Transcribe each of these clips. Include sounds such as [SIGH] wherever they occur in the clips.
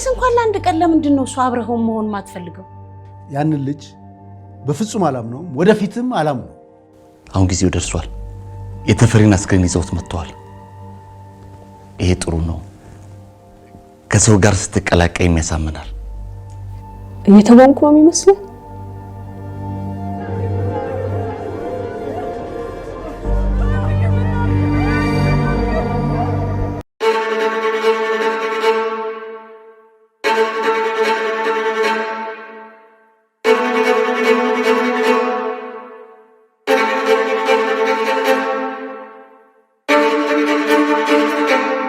ቢያንስ እንኳን ለአንድ ቀን ለምንድን ነው እሱ አብረኸውን መሆን ማትፈልገው? ያንን ልጅ በፍጹም አላምነውም፣ ወደፊትም አላምነው። አሁን ጊዜው ደርሷል። የተፈሪን አስክሬን ይዘውት መጥተዋል። ይሄ ጥሩ ነው። ከሰው ጋር ስትቀላቀይ የሚያሳምናል። እየተወንኩ ነው የሚመስለው Música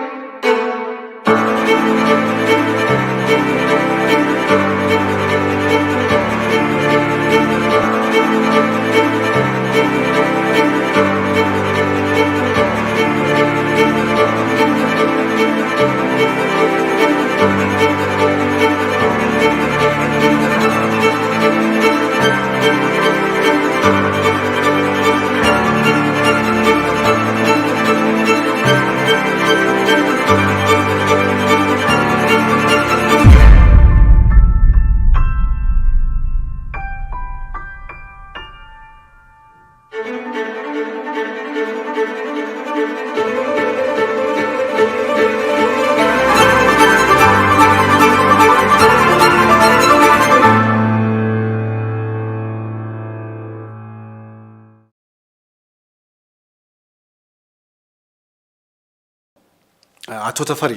አቶ ተፈሪ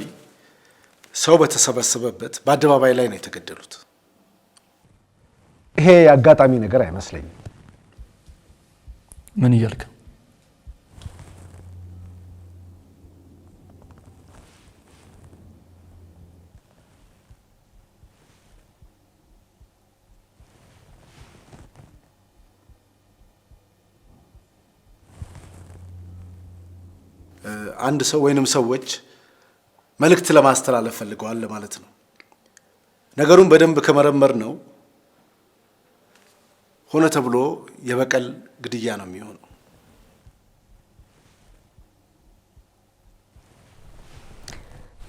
ሰው በተሰበሰበበት በአደባባይ ላይ ነው የተገደሉት። ይሄ የአጋጣሚ ነገር አይመስለኝም። ምን እያልክ አንድ ሰው ወይንም ሰዎች መልእክት ለማስተላለፍ ፈልገዋል ማለት ነው። ነገሩን በደንብ ከመረመር ነው ሆነ ተብሎ የበቀል ግድያ ነው የሚሆነው።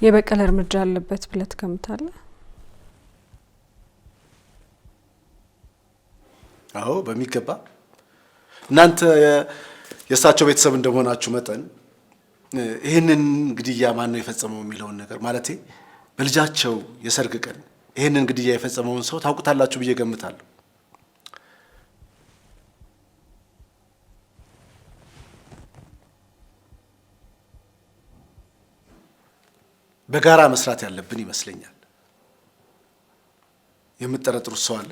የበቀል እርምጃ አለበት ብለህ ትገምታለህ? አዎ፣ በሚገባ እናንተ የእሳቸው ቤተሰብ እንደመሆናችሁ መጠን ይህንን ግድያ ማን ነው የፈጸመው የሚለውን ነገር ማለት በልጃቸው የሰርግ ቀን ይህንን ግድያ የፈጸመውን ሰው ታውቁታላችሁ ብዬ ገምታለሁ። በጋራ መስራት ያለብን ይመስለኛል። የምጠረጥሩት ሰው አለ?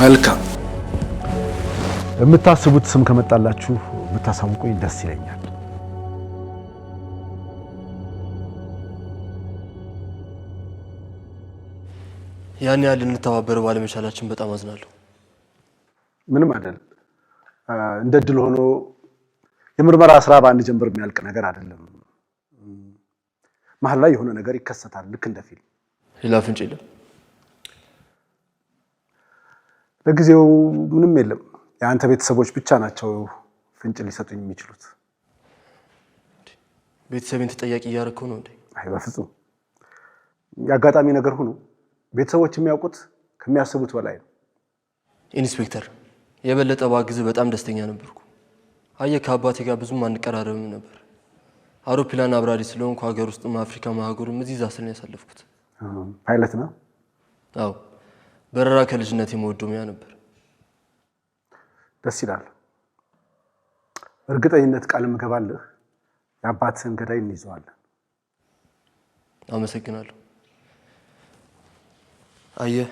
መልካም የምታስቡት ስም ከመጣላችሁ ብታሳውቁኝ ደስ ይለኛል። ያን ያህል እንተባበር ባለመቻላችን በጣም አዝናለሁ። ምንም አይደለም። እንደ ድል ሆኖ የምርመራ ስራ በአንድ ጀንበር የሚያልቅ ነገር አይደለም። መሀል ላይ የሆነ ነገር ይከሰታል። ልክ እንደ ፊልም ሌላ ፍንጭ የለም። ለጊዜው ምንም የለም። የአንተ ቤተሰቦች ብቻ ናቸው ፍንጭ ሊሰጡኝ የሚችሉት። ቤተሰብን ተጠያቂ እያደረግከው ነው እንዴ? አይ በፍጹም። የአጋጣሚ ነገር ሆኖ ቤተሰቦች የሚያውቁት ከሚያስቡት በላይ ነው። ኢንስፔክተር፣ የበለጠ ባግዝ በጣም ደስተኛ ነበርኩ። አየህ፣ ከአባቴ ጋር ብዙም አንቀራረብም ነበር። አውሮፕላን አብራሪ ስለሆንኩ ሀገር ውስጥም አፍሪካ ማህጉርም እዚህ እዛ ያሳለፍኩት። ፓይለት ነው? አዎ በረራ ከልጅነት የመወዱ ሙያ ነበር። ደስ ይላል። እርግጠኝነት ቃል ምገባልህ፣ የአባትህን ገዳይ እንይዘዋለን። አመሰግናለሁ። አየህ፣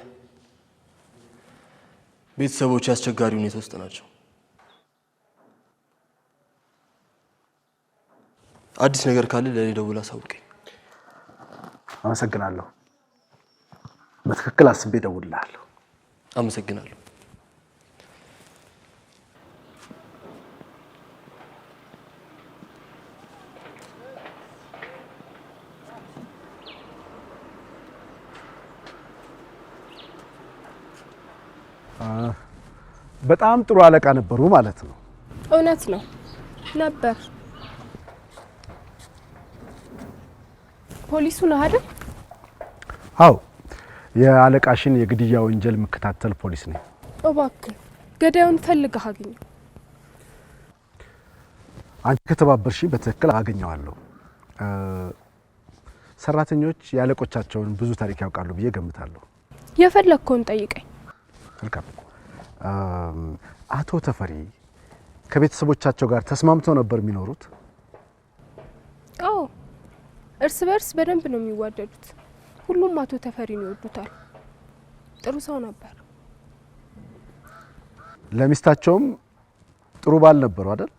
ቤተሰቦች አስቸጋሪ ሁኔታ ውስጥ ናቸው። አዲስ ነገር ካለ ለእኔ ደውል አሳውቀኝ። አመሰግናለሁ። በትክክል አስቤ እደውልልሃለሁ። አመሰግናለሁ። በጣም ጥሩ አለቃ ነበሩ ማለት ነው። እውነት ነው ነበር። ፖሊሱ ነው አይደል? አዎ የአለቃሽን የግድያ ወንጀል የምከታተል ፖሊስ ነኝ። እባክህ ገዳዩን ፈልገህ አግኘው። አንቺ ከተባበርሽ በትክክል አገኘዋለሁ። ሰራተኞች የአለቆቻቸውን ብዙ ታሪክ ያውቃሉ ብዬ ገምታለሁ። የፈለግከውን ጠይቀኝ። መልካም። አቶ ተፈሪ ከቤተሰቦቻቸው ጋር ተስማምተው ነበር የሚኖሩት? አዎ፣ እርስ በእርስ በደንብ ነው የሚዋደዱት። ሁሉም አቶ ተፈሪን ይወዱታል። ጥሩ ሰው ነበር። ለሚስታቸውም ጥሩ ባል ነበሩ አይደል?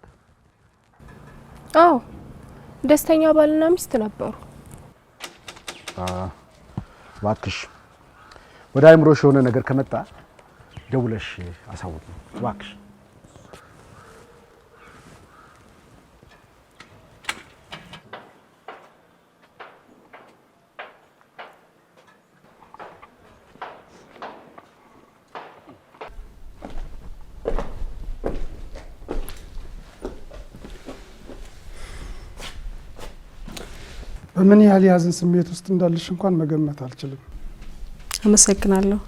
አዎ፣ ደስተኛ ባልና ሚስት ነበሩ። እባክሽ ወደ አይምሮሽ የሆነ ነገር ከመጣ ደውለሽ አሳውቅ እባክሽ። በምን ያህል የሀዘን ስሜት ውስጥ እንዳለሽ እንኳን መገመት አልችልም። አመሰግናለሁ።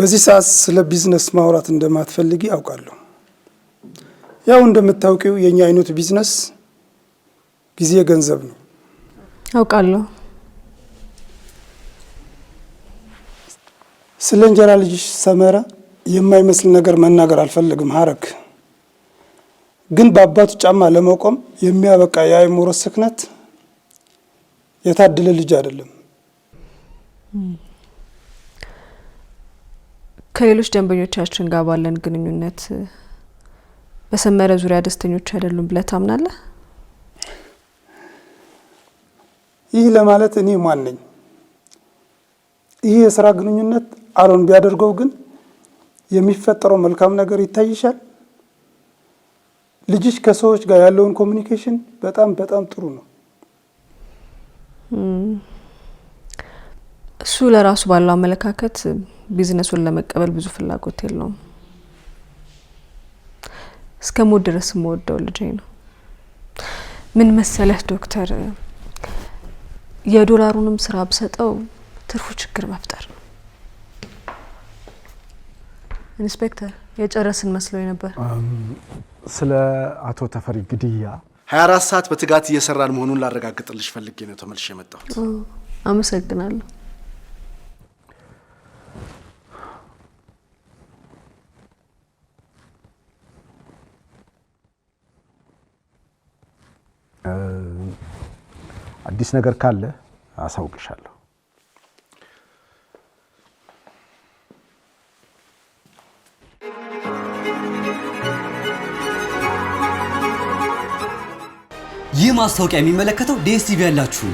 በዚህ ሰዓት ስለ ቢዝነስ ማውራት እንደማትፈልጊ አውቃለሁ። ያው እንደምታውቂው የእኛ አይነት ቢዝነስ ጊዜ ገንዘብ ነው። አውቃለሁ። ስለ እንጀራ ልጅሽ ሰመረ የማይመስል ነገር መናገር አልፈልግም። ሀረግ ግን በአባቱ ጫማ ለመቆም የሚያበቃ የአእምሮ ስክነት የታደለ ልጅ አይደለም። ከሌሎች ደንበኞቻችን ጋር ባለን ግንኙነት በሰመረ ዙሪያ ደስተኞች አይደሉም ብለህ ታምናለህ? ይህ ለማለት እኔ ማን ነኝ? ይህ የስራ ግንኙነት አሮን ቢያደርገው ግን የሚፈጠረው መልካም ነገር ይታይሻል። ልጅሽ ከሰዎች ጋር ያለውን ኮሚኒኬሽን በጣም በጣም ጥሩ ነው። እሱ ለራሱ ባለው አመለካከት ቢዝነሱን ለመቀበል ብዙ ፍላጎት የለውም። እስከ ሞት ድረስ የምወደው ልጄ ነው። ምን መሰለህ ዶክተር፣ የዶላሩንም ስራ ብሰጠው ትርፉ ችግር መፍጠር ነው። ኢንስፔክተር የጨረስን መስሎ ነበር። ስለ አቶ ተፈሪ ግድያ 24 ሰዓት በትጋት እየሰራን መሆኑን ላረጋግጥልሽ ፈልጌ ነው ተመልሼ የመጣሁት። አመሰግናለሁ። አዲስ ነገር ካለ አሳውቅሻለሁ። ይህ ማስታወቂያ የሚመለከተው ዲኤስቲቪ ያላችሁ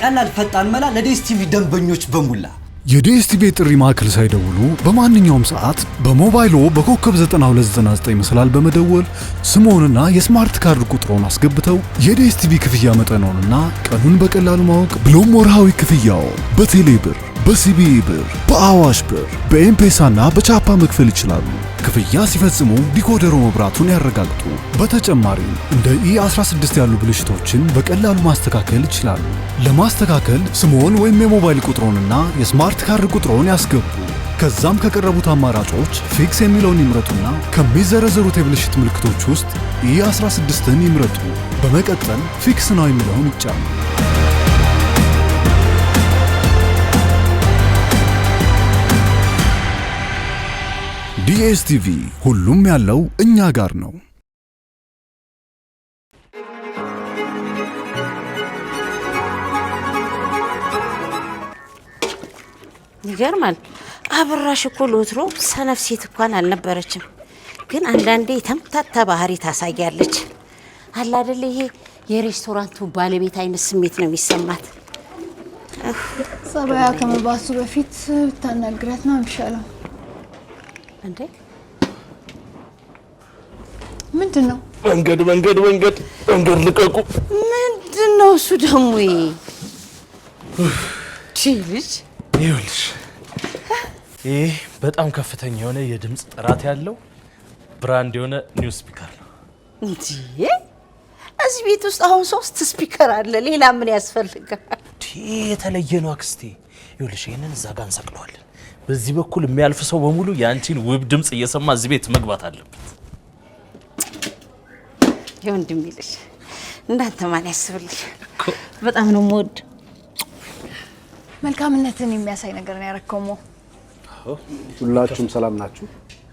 ቀላል ፈጣን መላ ለዲኤስቲቪ ደንበኞች በሙላ። የዲኤስቲቪ የጥሪ ማዕከል ሳይደውሉ በማንኛውም ሰዓት በሞባይልዎ በኮከብ 9299 መሰላል በመደወል ስምዎንና የስማርት ካርድ ቁጥሮን አስገብተው የዲኤስቲቪ ክፍያ መጠኖንና ቀኑን በቀላሉ ማወቅ ብሎም ወርሃዊ ክፍያው በቴሌ ብር፣ በሲቢኢ ብር፣ በአዋሽ ብር፣ በኤምፔሳና በቻፓ መክፈል ይችላሉ። ክፍያ ሲፈጽሙ ዲኮደሩ መብራቱን ያረጋግጡ። በተጨማሪም እንደ ኢ16 ያሉ ብልሽቶችን በቀላሉ ማስተካከል ይችላሉ። ለማስተካከል ስምዎን ወይም የሞባይል ቁጥሮንና የስማርት ካርድ ቁጥሮን ያስገቡ። ከዛም ከቀረቡት አማራጮች ፊክስ የሚለውን ይምረጡና ከሚዘረዘሩት የብልሽት ምልክቶች ውስጥ ኢ16ን ይምረጡ። በመቀጠል ፊክስ ነው የሚለውን ይጫኑ። ዲኤስቲቪ ሁሉም ያለው እኛ ጋር ነው። ይገርማል። አበራሽ እኮ ለወትሮ ሰነፍ ሴት እንኳን አልነበረችም፣ ግን አንዳንዴ የተምታታ ባህሪ ታሳያለች። አለ አይደል? ይሄ የሬስቶራንቱ ባለቤት አይነት ስሜት ነው የሚሰማት። ጸባያ ከመባሱ በፊት ብታናግራት ነው የሚሻለው። እንዴ ምንድን ነው? መንገድ መንገድ መንገድ መንገድ ልቀቁ። ምንድን ነው እሱ ደግሞ? ልጅ ይኸውልሽ፣ ይህ በጣም ከፍተኛ የሆነ የድምፅ ጥራት ያለው ብራንድ የሆነ ኒው ስፒከር ነው። እዚህ ቤት ውስጥ አሁን ሶስት ስፒከር አለ። ሌላ ምን ያስፈልጋል? የተለየ ነው አክስቴ። ይኸውልሽ ይህንን እዛ ጋር እንሰቅለዋለን። በዚህ በኩል የሚያልፍ ሰው በሙሉ የአንቺን ውብ ድምፅ እየሰማ እዚህ ቤት መግባት አለበት። የወንድሜ ልጅ እንዳንተ ማን ያስብልሽ? በጣም ነው የምወድ። መልካምነትን የሚያሳይ ነገር ነው ያረከው። ሞ ሁላችሁም ሰላም ናችሁ?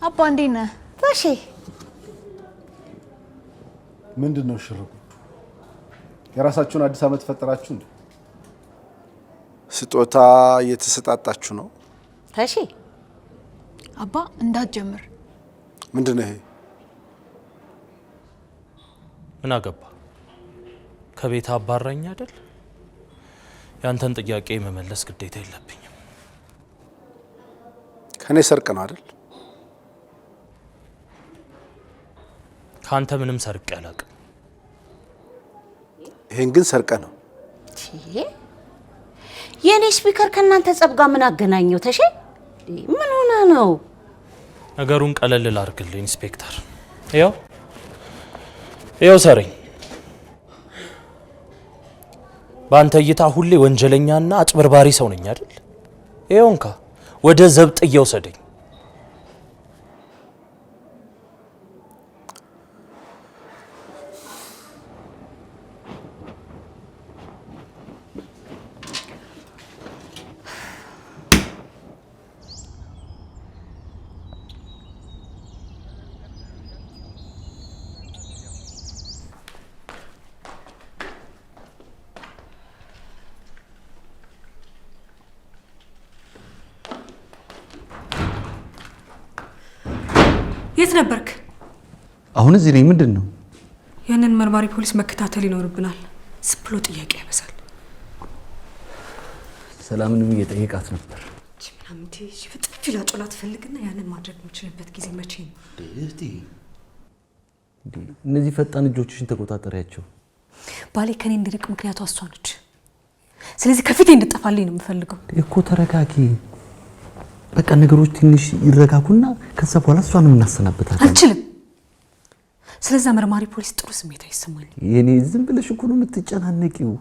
አባ እንዴት ነህ? ታሼ ምንድን ነው ሽርጉ የራሳችሁን አዲስ ዓመት ፈጠራችሁ እንዴ? ስጦታ እየተሰጣጣችሁ ነው? ተሺ አባ እንዳትጀምር። ምንድን ነው ይሄ? ምን አገባ? ከቤት አባረኝ አይደል? ያንተን ጥያቄ መመለስ ግዴታ የለብኝም። ከእኔ ሰርቅ ነው አይደል? ከአንተ ምንም ሰርቅ አላውቅም። ይሄን ግን ሰርቀ ነው። የእኔ ስፒከር ከእናንተ ጸብ ጋር ምን አገናኘው? ተሼ ምን ሆነ ነው? ነገሩን ቀለል ላድርግልህ ኢንስፔክተር። ያው ያው ሰረኝ በአንተ እይታ ሁሌ ወንጀለኛና አጭበርባሪ ሰው ነኝ አይደል? ይኸው ወደ ዘብጥ እየወሰደኝ የት ነበርክ? አሁን እዚህ ነኝ። ምንድን ነው? ያንን መርማሪ ፖሊስ መከታተል ይኖርብናል። ስብሎ ጥያቄ ያበዛል። ሰላምንም እየጠየቃት ነበር። ምናምንቴ ፍጥፍ ላጮላ ትፈልግና ያንን ማድረግ የምችልበት ጊዜ መቼ ነው? እነዚህ ፈጣን እጆችሽን ተቆጣጠሪያቸው። ባሌ ከኔ እንዲርቅ ምክንያቱ እሷ ነች። ስለዚህ ከፊቴ እንድጠፋልኝ ነው የምፈልገው እኮ። ተረጋጊ በቃ ነገሮች ትንሽ ይረጋጉና ከዛ በኋላ እሷንም እናሰናበታለን። አልችልም። ስለዛ መርማሪ ፖሊስ ጥሩ ስሜት አይሰማኝም። የኔ ዝም ብለሽ እኮ ነው የምትጨናነቂው።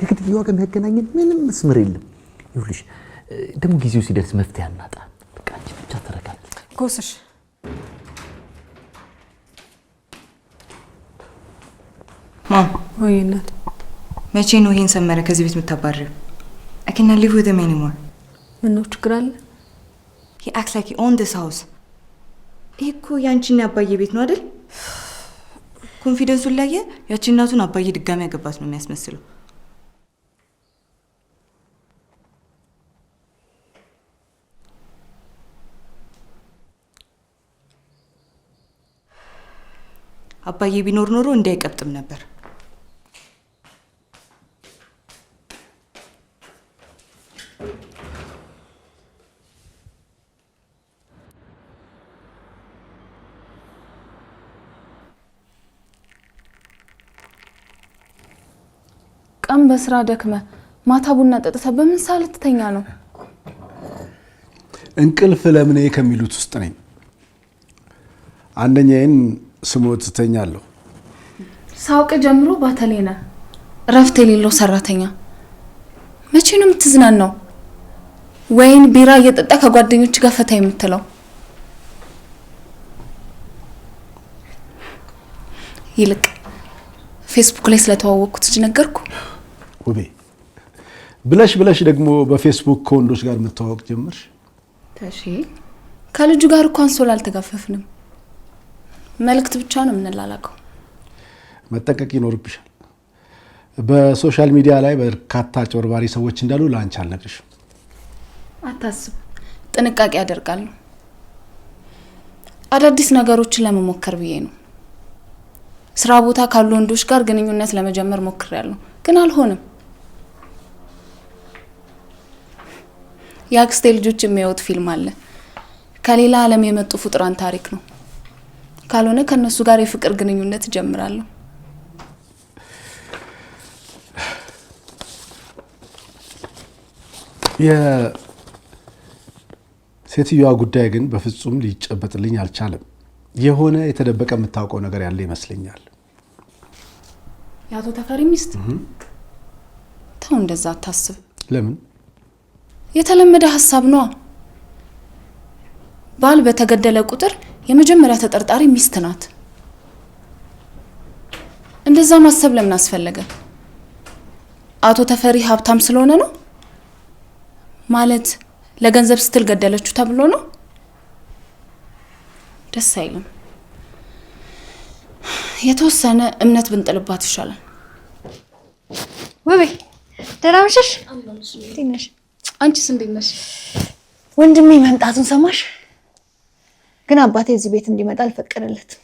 ከግድያዋ ጋር የሚያገናኘን ምንም መስመር የለም። ይኸውልሽ ደግሞ ጊዜው ሲደርስ መፍትሄ አናጣ። በቃ አንቺ ብቻ ተረጋጊ። ጎስሽ ወይ እናት፣ መቼ ነው ይሄን ሰመረ ከዚህ ቤት የምታባረው? አኬና ሊቭ ወደ ሜኒሞር ምነው ችግር አለ? ሂ አክስ ላይክ ሂ ኦን ዲስ ሃውስ። ይሄ እኮ የአንቺና አባዬ ቤት ነው አይደል? ኮንፊደንሱን ላየ ያቺ እናቱን አባዬ ድጋሚ ያገባት ነው የሚያስመስለው። አባዬ ቢኖር ኖሮ እንዲህ ነበር። በስራ ደክመ ማታ ቡና ጠጥተ በምን ሰዓት ልትተኛ ነው? እንቅልፍ ለምን ከሚሉት ውስጥ ነኝ። አንደኛዬን ስሞት እተኛለሁ። ሳውቅ ጀምሮ ባተሌ ነህ፣ እረፍት የሌለው ሰራተኛ። መቼ ነው የምትዝናናው? ወይን ቢራ እየጠጣ ከጓደኞች ጋር ፈታ የምትለው? ይልቅ ፌስቡክ ላይ ስለተዋወቅኩት እጅ ነገርኩ። ውቤ ብለሽ ብለሽ ደግሞ በፌስቡክ ከወንዶች ጋር መተዋወቅ ጀምርሽ። ተሺ ከልጁ ጋር እኮ አንሶላ አልተጋፈፍንም፣ መልእክት ብቻ ነው የምንላላከው። መጠንቀቅ ይኖርብሻል። በሶሻል ሚዲያ ላይ በርካታ አጭበርባሪ ሰዎች እንዳሉ ለአንቺ አልነግርሽም። አታስብ፣ ጥንቃቄ ያደርጋሉ። አዳዲስ ነገሮችን ለመሞከር ብዬ ነው። ስራ ቦታ ካሉ ወንዶች ጋር ግንኙነት ለመጀመር ሞክሬያለሁ፣ ግን አልሆንም። የአክስቴ ልጆች የሚያዩት ፊልም አለ። ከሌላ ዓለም የመጡ ፍጡራን ታሪክ ነው። ካልሆነ ከእነሱ ጋር የፍቅር ግንኙነት እጀምራለሁ። የሴትዮዋ ጉዳይ ግን በፍጹም ሊጨበጥልኝ አልቻለም። የሆነ የተደበቀ የምታውቀው ነገር ያለ ይመስለኛል። የአቶ ተፈሪ ሚስት ተው፣ እንደዛ አታስብ። ለምን የተለመደ ሀሳብ ነዋ። ባል በተገደለ ቁጥር የመጀመሪያ ተጠርጣሪ ሚስት ናት። እንደዛ ማሰብ ለምን አስፈለገ? አቶ ተፈሪ ሀብታም ስለሆነ ነው ማለት ለገንዘብ ስትል ገደለችው ተብሎ ነው? ደስ አይልም። የተወሰነ እምነት ብንጥልባት ይሻላል። ውቤ ደህና መሸሽ። አንቺስ እንዴት ነሽ? ወንድሜ መምጣቱን ሰማሽ? ግን አባቴ እዚህ ቤት እንዲመጣ አልፈቀደለትም።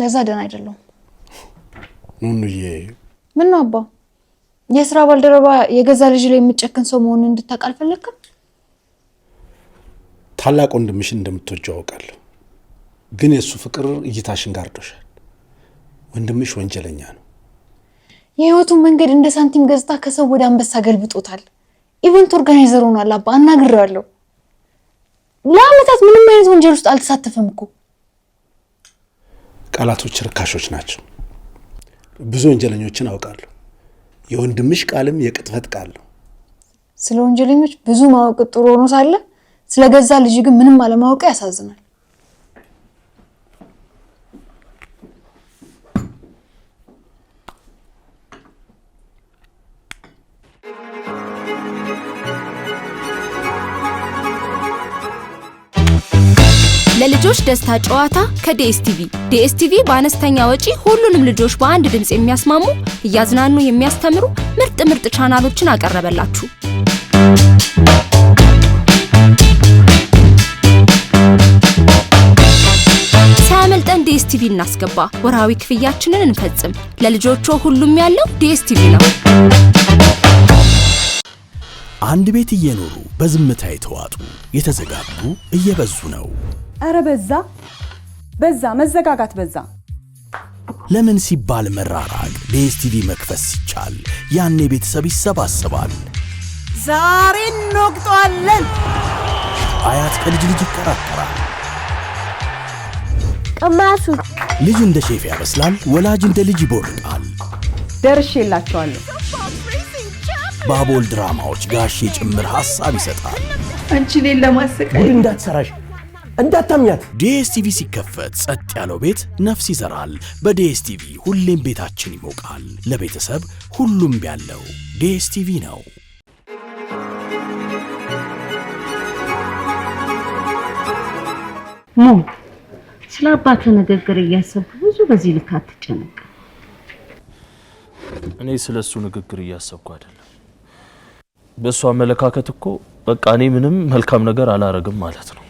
ለዛ ደህና አይደለሁም። ኑኑዬ፣ ምን ነው አባ፣ የስራ ባልደረባ የገዛ ልጅ ላይ የምጨክን ሰው መሆኑን እንድታውቅ አልፈለግክም? ታላቅ ወንድምሽን እንደምትወጂው አውቃለሁ፣ ግን የእሱ ፍቅር እይታሽን ጋርዶሻል። ወንድምሽ ወንጀለኛ ነው። የህይወቱን መንገድ እንደ ሳንቲም ገጽታ ከሰው ወደ አንበሳ ገልብጦታል። ኢቨንት ኦርጋናይዘር ሆኗል። አባ አናግሬዋለሁ። ለአመታት ምንም አይነት ወንጀል ውስጥ አልተሳተፈም እኮ። ቃላቶች ርካሾች ናቸው። ብዙ ወንጀለኞችን አውቃለሁ። የወንድምሽ ቃልም የቅጥፈት ቃል ነው። ስለ ወንጀለኞች ብዙ ማወቅ ጥሩ ሆኖ ሳለ ስለ ገዛ ልጅ ግን ምንም አለማወቅ ያሳዝናል። የልጆች ደስታ ጨዋታ ከዲኤስቲቪ። ዲኤስቲቪ በአነስተኛ ወጪ ሁሉንም ልጆች በአንድ ድምፅ የሚያስማሙ እያዝናኑ የሚያስተምሩ ምርጥ ምርጥ ቻናሎችን አቀረበላችሁ። ሳያመልጠን ዲኤስቲቪ እናስገባ፣ ወርሃዊ ክፍያችንን እንፈጽም። ለልጆቹ ሁሉም ያለው ዲኤስቲቪ ነው። አንድ ቤት እየኖሩ በዝምታ የተዋጡ የተዘጋጉ እየበዙ ነው። አረ በዛ በዛ መዘጋጋት በዛ። ለምን ሲባል መራራቅ በኤስቲቪ መክፈስ ሲቻል ያኔ ቤተሰብ ይሰባሰባል። ዛሬ እንወቅጠዋለን። አያት ከልጅ ልጅ ይከራከራል። ቅማሱ ልጅ እንደ ሼፍ ያበስላል፣ ወላጅ እንደ ልጅ ይቦርቃል። ደርሽ የላቸዋለሁ። ባቦል ድራማዎች ጋሼ ጭምር ሐሳብ ይሰጣል። አንቺ እኔን ለማሰቃየት እንዳትሰራሽ እንዳታምኛት። ዲኤስቲቪ ሲከፈት ጸጥ ያለው ቤት ነፍስ ይዘራል። በዲኤስቲቪ ሁሌም ቤታችን ይሞቃል። ለቤተሰብ ሁሉም ያለው ዲኤስቲቪ ነው። ሙ ስለ አባትህ ንግግር እያሰብኩ ብዙ በዚህ ልክ አትጨነቅ። እኔ ስለ እሱ ንግግር እያሰብኩ አይደለም። በእሱ አመለካከት እኮ በቃ እኔ ምንም መልካም ነገር አላረግም ማለት ነው።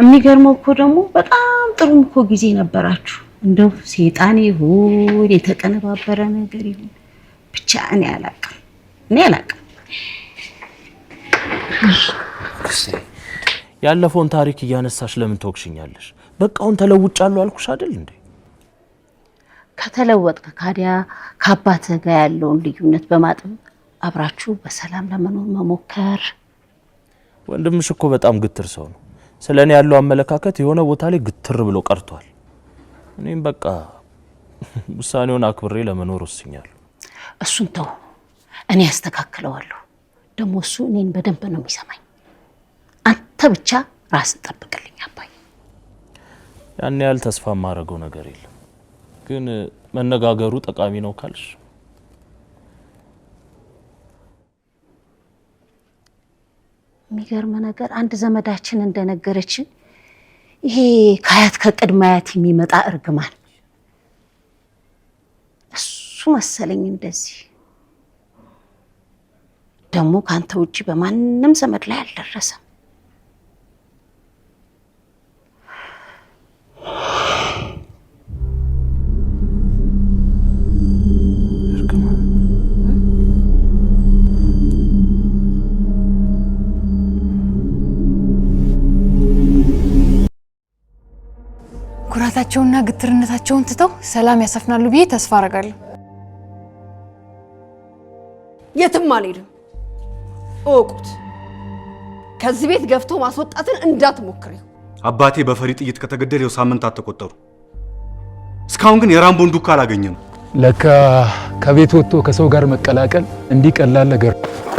የሚገርመው እኮ ደግሞ በጣም ጥሩም እኮ ጊዜ ነበራችሁ። እንደው ሴጣን ይሁን የተቀነባበረ ነገር ይሁን ብቻ እኔ አላውቅም፣ እኔ አላውቅም። ያለፈውን ታሪክ እያነሳሽ ለምን ትወቅሽኛለሽ? በቃውን ተለውጫለሁ አልኩሽ አይደል እንዴ? ከተለወጥከ ካዲያ ከአባት ጋር ያለውን ልዩነት በማጥብ አብራችሁ በሰላም ለመኖር መሞከር። ወንድምሽ እኮ በጣም ግትር ሰው ነው። ስለ እኔ ያለው አመለካከት የሆነ ቦታ ላይ ግትር ብሎ ቀርቷል። እኔም በቃ [LAUGHS] ውሳኔውን አክብሬ ለመኖር ወስኛለሁ። እሱን ተው፣ እኔ ያስተካክለዋለሁ። ደግሞ እሱ እኔን በደንብ ነው የሚሰማኝ። አንተ ብቻ ራስ ጠብቅልኝ አባይ። ያን ያህል ተስፋ የማደርገው ነገር የለም፣ ግን መነጋገሩ ጠቃሚ ነው ካልሽ የሚገርም ነገር አንድ ዘመዳችን እንደነገረችን ይሄ ከአያት ከቅድመ አያት የሚመጣ እርግማን እሱ መሰለኝ። እንደዚህ ደግሞ ከአንተ ውጭ በማንም ዘመድ ላይ አልደረሰም። ችግራቸውን ትተው ሰላም ያሰፍናሉ ብዬ ተስፋ አደርጋለሁ። የትም አልሄድም። እወቁት። ከዚህ ቤት ገፍቶ ማስወጣትን እንዳትሞክሪው። አባቴ በፈሪ ጥይት ከተገደለ ይኸው ሳምንታት ተቆጠሩ። እስካሁን ግን የራምቦን ዱካ አላገኘም። ለካ ከቤት ወጥቶ ከሰው ጋር መቀላቀል እንዲህ ቀላል ነገር